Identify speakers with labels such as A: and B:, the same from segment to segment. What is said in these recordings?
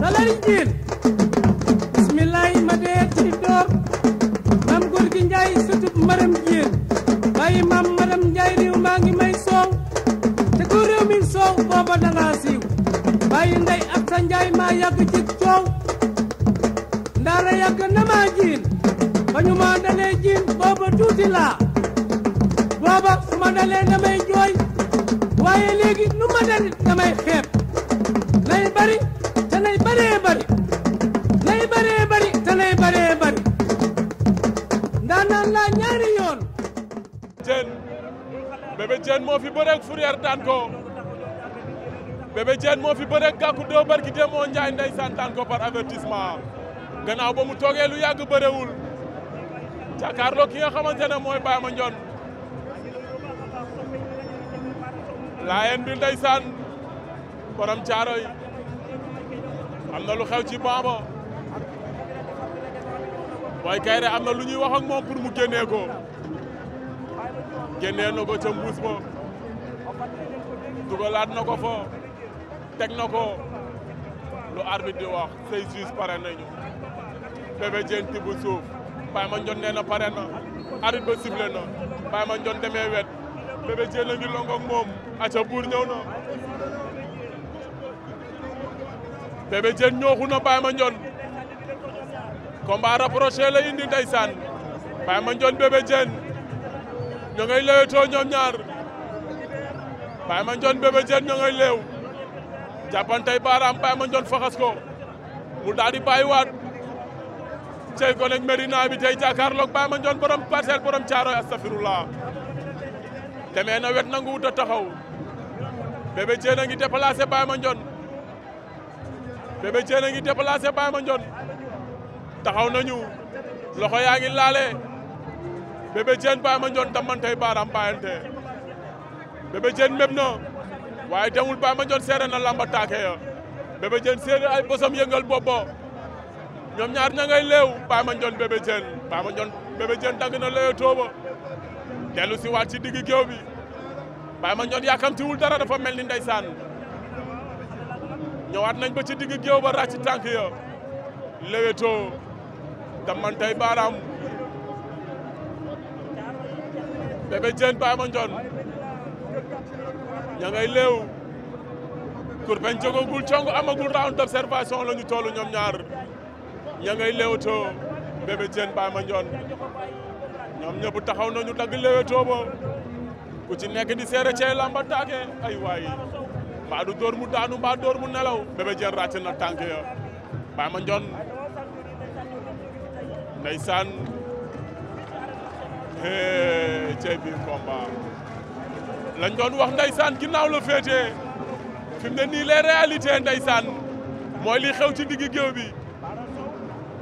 A: salari jiin bismillaay ma dee ci door maam góor gi njaay sutub maram jiin bàyyi maam maram njaay réew maa ngi may soow te ku réew mi soow booba danga siiw bàyyi ndey ab sa njaay maa yàgg ci coow ndaara yàgg na maa jiin ba dalee jiin booba tuuti booba su ma dalee damay jooy waaye léegi nu ma dalit damay xeeb nay bari
B: Bébé Diène moo fi bëreeg Fourrière daan ko Bébé Diène moo fi moo Ndiaye ndeysaan daan ko par avertissement gannaaw ba mu toogee lu yàgg bërewul jàkkaarloo ki nga xamante ne mooy Baye Mandione laayeen bi ndeysaan borom caaro yi am na lu xew ci baaba booy kayre am na lu ñuy wax moom pour mu génnee ko génnee na ko ca mbuus ba dugalaat na ko fa teg na ko lu arbitre di wax say juge pare nañu Bébé Diène tibb suuf Baye Mandione nee na pare na arbitre ba sifflé na Baye demee wet Bébé Diène la moom aca buur ñëw na Bébé Diène ñooxu na Baye Mandione combat rapproché la indi ndeysaan Baye Mandione Bébé Diène ñoo ngay leewtoo ñoom ñaar Baye Mandione Bébé Diène ñoo ngay leew baaraam Baye Mandione faxas ko mu daal di bàyyiwaat cey ko nag Medina bi tey jàkkaarloog Baye Mandione borom parcelle borom caaroy astafirullah demee na wet nangu wut a taxaw Bébé Diène a ngi déplacé Baye Mandione Bébé Diène a ngi déplacé Baye Mandione taxaw nañu loxo yaa ngi laale Bébé Diène Baye Mandione damantey baaraam bàyyante Bébé Diène méb na waaye demul Baye Mandione seere na lamba taake ya Bébé ay bosam yëngal boppo ñoom ñaar ña ngay leew Baye Mandione Bébé Diène Baye Mandione Bébé Diène dagg waat ci digg géew bi Baye Mandione yaakamtiwul dara dafa mel ni ndeysaan ñëwaat nañ ba ci digg géew ba ràcc tànk ya leweto damantey baaraam Bébé Diène Baye Mandione ña ngay léew kurpeñ jógagul cong amagul round d'observation la ñu ñoom ñaar ña ngay léewtoo Bébé Diène Baye ñoom ñëpp taxaw nañu dagg léewtoo ba ku ci nekk di seere cee lamba taake ay waay mbaa du dóor mu daanu mbaa dóor mu nelaw Bébé Diène ràcc na tànk ya Baye Mandione ndeysaan cey bi combat lañ wax ndeysaan ginnaaw la féetee fi ne nii les réalités ndeysaan mooy li xew ci digg géew bi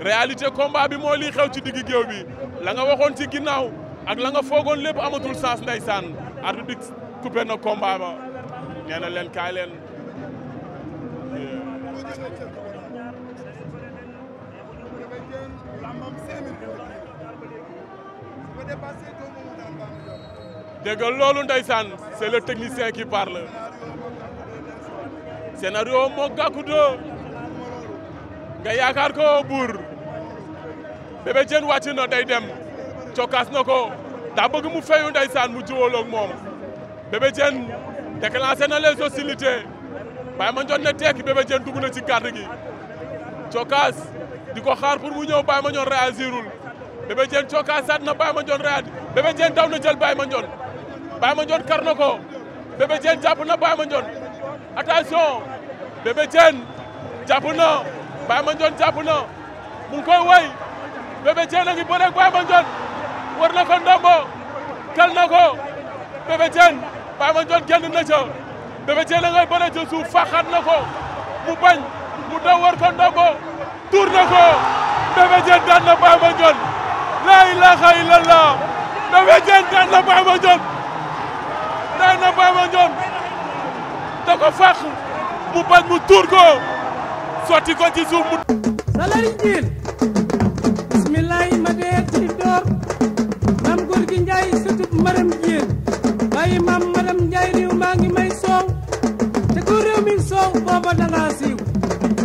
B: réalité combat bi mooy li xew ci digg géew bi la nga waxoon ci ginnaaw ak la nga foogoon lépp amatul sens ndeysaan arbitre bi coupé na combat leen kaay dégg nga loolu ndeysaan c'est le technicien qui parle scénario moo gàkku doo nga yaakaar ko buur Bébé Diène wàcc na day dem cokkaas na ko daa mu feyu ndeysaan moom Bébé Diène déclenché na les hostilités Baye ne tekki Bébé Diène ci garde gi di ko xaar pour mu ñëw Baye Mandione réagirul Bébé Diène cookaasaat na Baye Mandione rayaat Bébé Diène daw na jël Baye Mandione ko Bébé Diène jàpp na Baye Mandione attention Bébé Diène jàpp na Baye Mandione jàpp na a ngi bëreeg Baye Mandione ko ndombo kal na ko Bébé Diène Baye Mandione génn na ca Bébé Diène a ngay bëre ca na ko mu bañ mu daw war ko ndombo ko Bébé Diène daan ilaha illallah mu bañ mu tuur ko sotti ko ci suuf mu salari jiin ma dee ci
A: door maam góor gi Njaay sëtub maram jiin bàyyi maam maram Njaay riw maa ngi may soow te ko réew mi soow booba danga siiw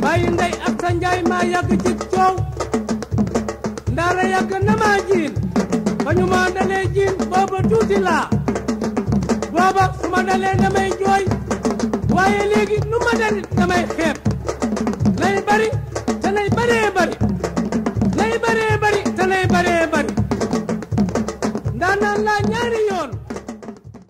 A: bàyyi ndey ak sa Njaay maa yàgg ci coow ndaara yàgg na maa jiin ba ñu ma dalee jiin booba tuuti laa booba su ma dalee damay jooy waaye léegi nu ma dalit damay xeeb